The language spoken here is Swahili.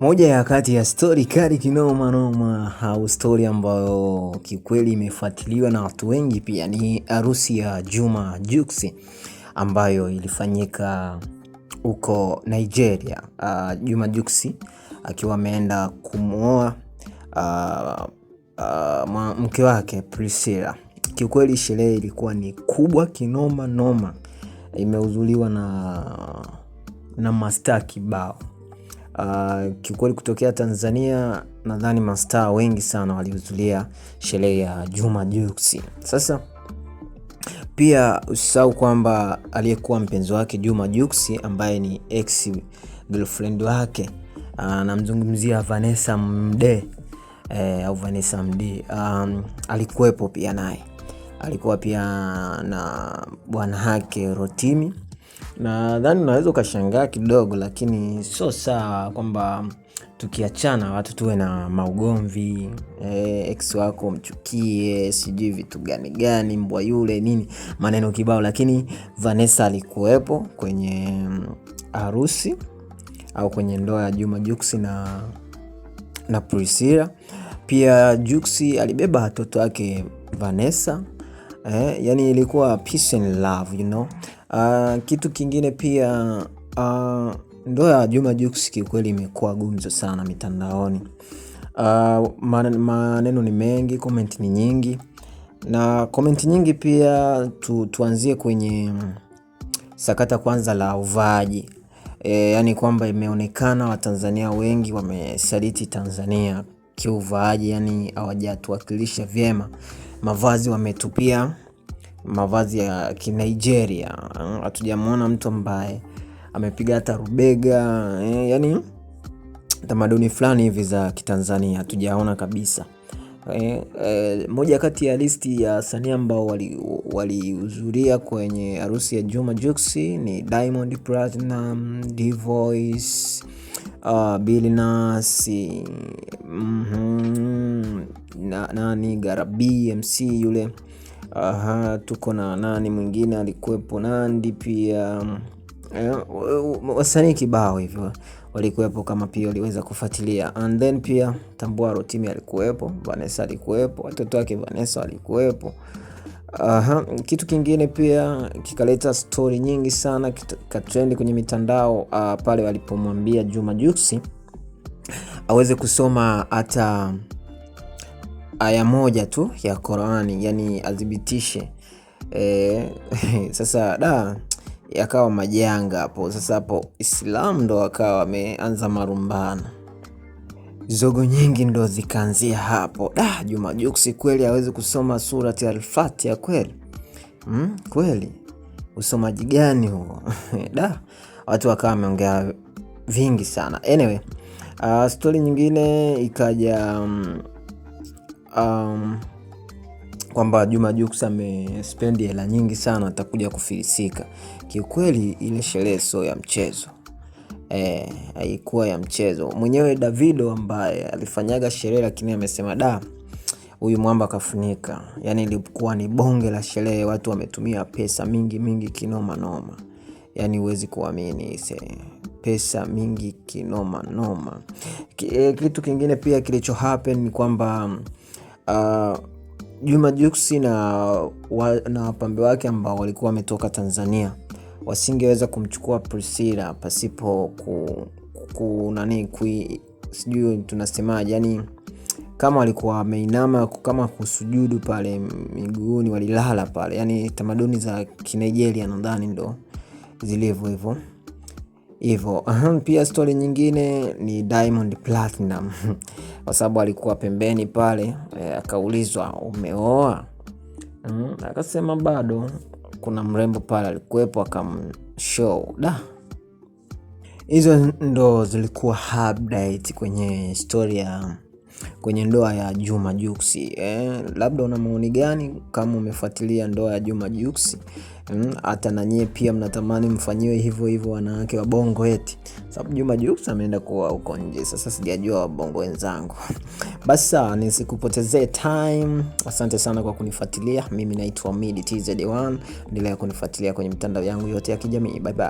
Moja ya kati ya stori kali kinoma noma au stori ambayo kikweli imefuatiliwa na watu wengi pia ni harusi ya Juma Jux ambayo ilifanyika huko Nigeria. Uh, Juma Jux akiwa ameenda kumwoa uh, ah, uh, ah, mke wake Priscilla. Kiukweli sherehe ilikuwa ni kubwa kinoma noma, imehudhuriwa na na mastaa kibao Uh, kiukweli kutokea Tanzania nadhani mastaa wengi sana walihudhuria sherehe ya Juma Jux. Sasa pia usisahau kwamba aliyekuwa mpenzi wake Juma Jux ambaye ni ex girlfriend wake ah, anamzungumzia Vanessa Mde eh, au Vanessa Mde um, alikuwepo pia naye alikuwa pia na bwana wake Rotimi Nadhani unaweza ukashangaa kidogo lakini sio sawa kwamba tukiachana watu tuwe na maugomvi e, ex wako mchukie, sijui vitu gani gani, mbwa yule nini, maneno kibao. Lakini Vanessa alikuwepo kwenye mm, harusi au kwenye ndoa ya Juma Jux na, na Priscilla. Pia Jux alibeba watoto wake Vanessa eh, yani ilikuwa peace and love, you know. Uh, kitu kingine pia uh, ndoa ya Juma Jux kiukweli imekuwa gumzo sana mitandaoni. Uh, ah, man, maneno ni mengi, comment ni nyingi na comment nyingi pia tu, tuanzie kwenye sakata kwanza la uvaaji e, yani kwamba imeonekana Watanzania wengi wamesaliti Tanzania kiuvaaji, yani hawajatuwakilisha vyema mavazi wametupia mavazi ya Kinigeria. Hatujamwona mtu ambaye amepiga hata rubega eh, yani tamaduni fulani hivi za Kitanzania hatujaona kabisa. Eh, eh, moja kati ya listi ya wasanii ambao walihudhuria wali kwenye harusi ya Juma Jux ni Diamond Platnumz, D-Voice, uh, Billnass, mm -hmm. Mm, na nani Gara BMC yule. Aha, tuko na nani mwingine alikuwepo, Nandi pia eh, wasanii kibao hivyo walikuwepo, kama pia waliweza kufuatilia. And then pia tambua Rotimi alikuwepo, Vanessa alikuwepo, watoto wake Vanessa walikuwepo. Aha, kitu kingine pia kikaleta story nyingi sana, katrendi kwenye mitandao uh, pale walipomwambia Juma Jux aweze kusoma hata aya moja tu ya Qur'ani, yani athibitishe e, sasa da yakawa majanga hapo. Sasa hapo islam ndo akawa wameanza marumbano, zogo nyingi ndo zikaanzia hapo. Da, Juma Jux kweli hawezi kusoma surati Al-Fatiha kweli? Mm, kweli usomaji gani huo? Da, watu wakawa wameongea vingi sana. Anyway, uh, ah, stori nyingine ikaja um, um, kwamba Juma Jux amespendi hela nyingi sana, atakuja kufilisika. Kiukweli ile sherehe sio ya mchezo e, ya mchezo. Mwenyewe Davido ambaye alifanyaga sherehe, lakini amesema da huyu mwamba kafunika. Yani ilikuwa ni bonge la sherehe, watu wametumia pesa mingi mingi kinoma noma, yani huwezi kuamini ise pesa mingi kinoma noma. Kitu kingine pia kilicho happen ni kwamba uh, Juma Jux na, na wapambe wake ambao walikuwa wametoka Tanzania wasingeweza kumchukua Priscilla pasipo ku, ku nani kui, sijui tunasemaje, yani kama walikuwa wameinama kama kusujudu pale miguuni, walilala pale, yani tamaduni za Kinigeria nadhani ndo zilivyo hivyo hivyo. Pia stori nyingine ni Diamond Platinum kwa sababu alikuwa pembeni pale e, akaulizwa umeoa? Mm, akasema bado. Kuna mrembo pale alikuwepo akamshow. Da, hizo ndo zilikuwa update kwenye stori ya kwenye ndoa ya Juma Jux. Eh, labda una maoni gani kama umefuatilia ndoa ya Juma Jux? Mm, hata hmm, na nyie pia mnatamani mfanyiwe hivyo hivyo wanawake wa Bongo eti sababu Juma Jux ameenda kuwa huko nje. Sasa sijajua Bongo wenzangu. Basi sawa, nisikupotezee time. Asante sana kwa kunifuatilia. Mimi naitwa Midi TZ1, endelea kunifuatilia kwenye mitandao yangu yote ya kijamii. Bye bye.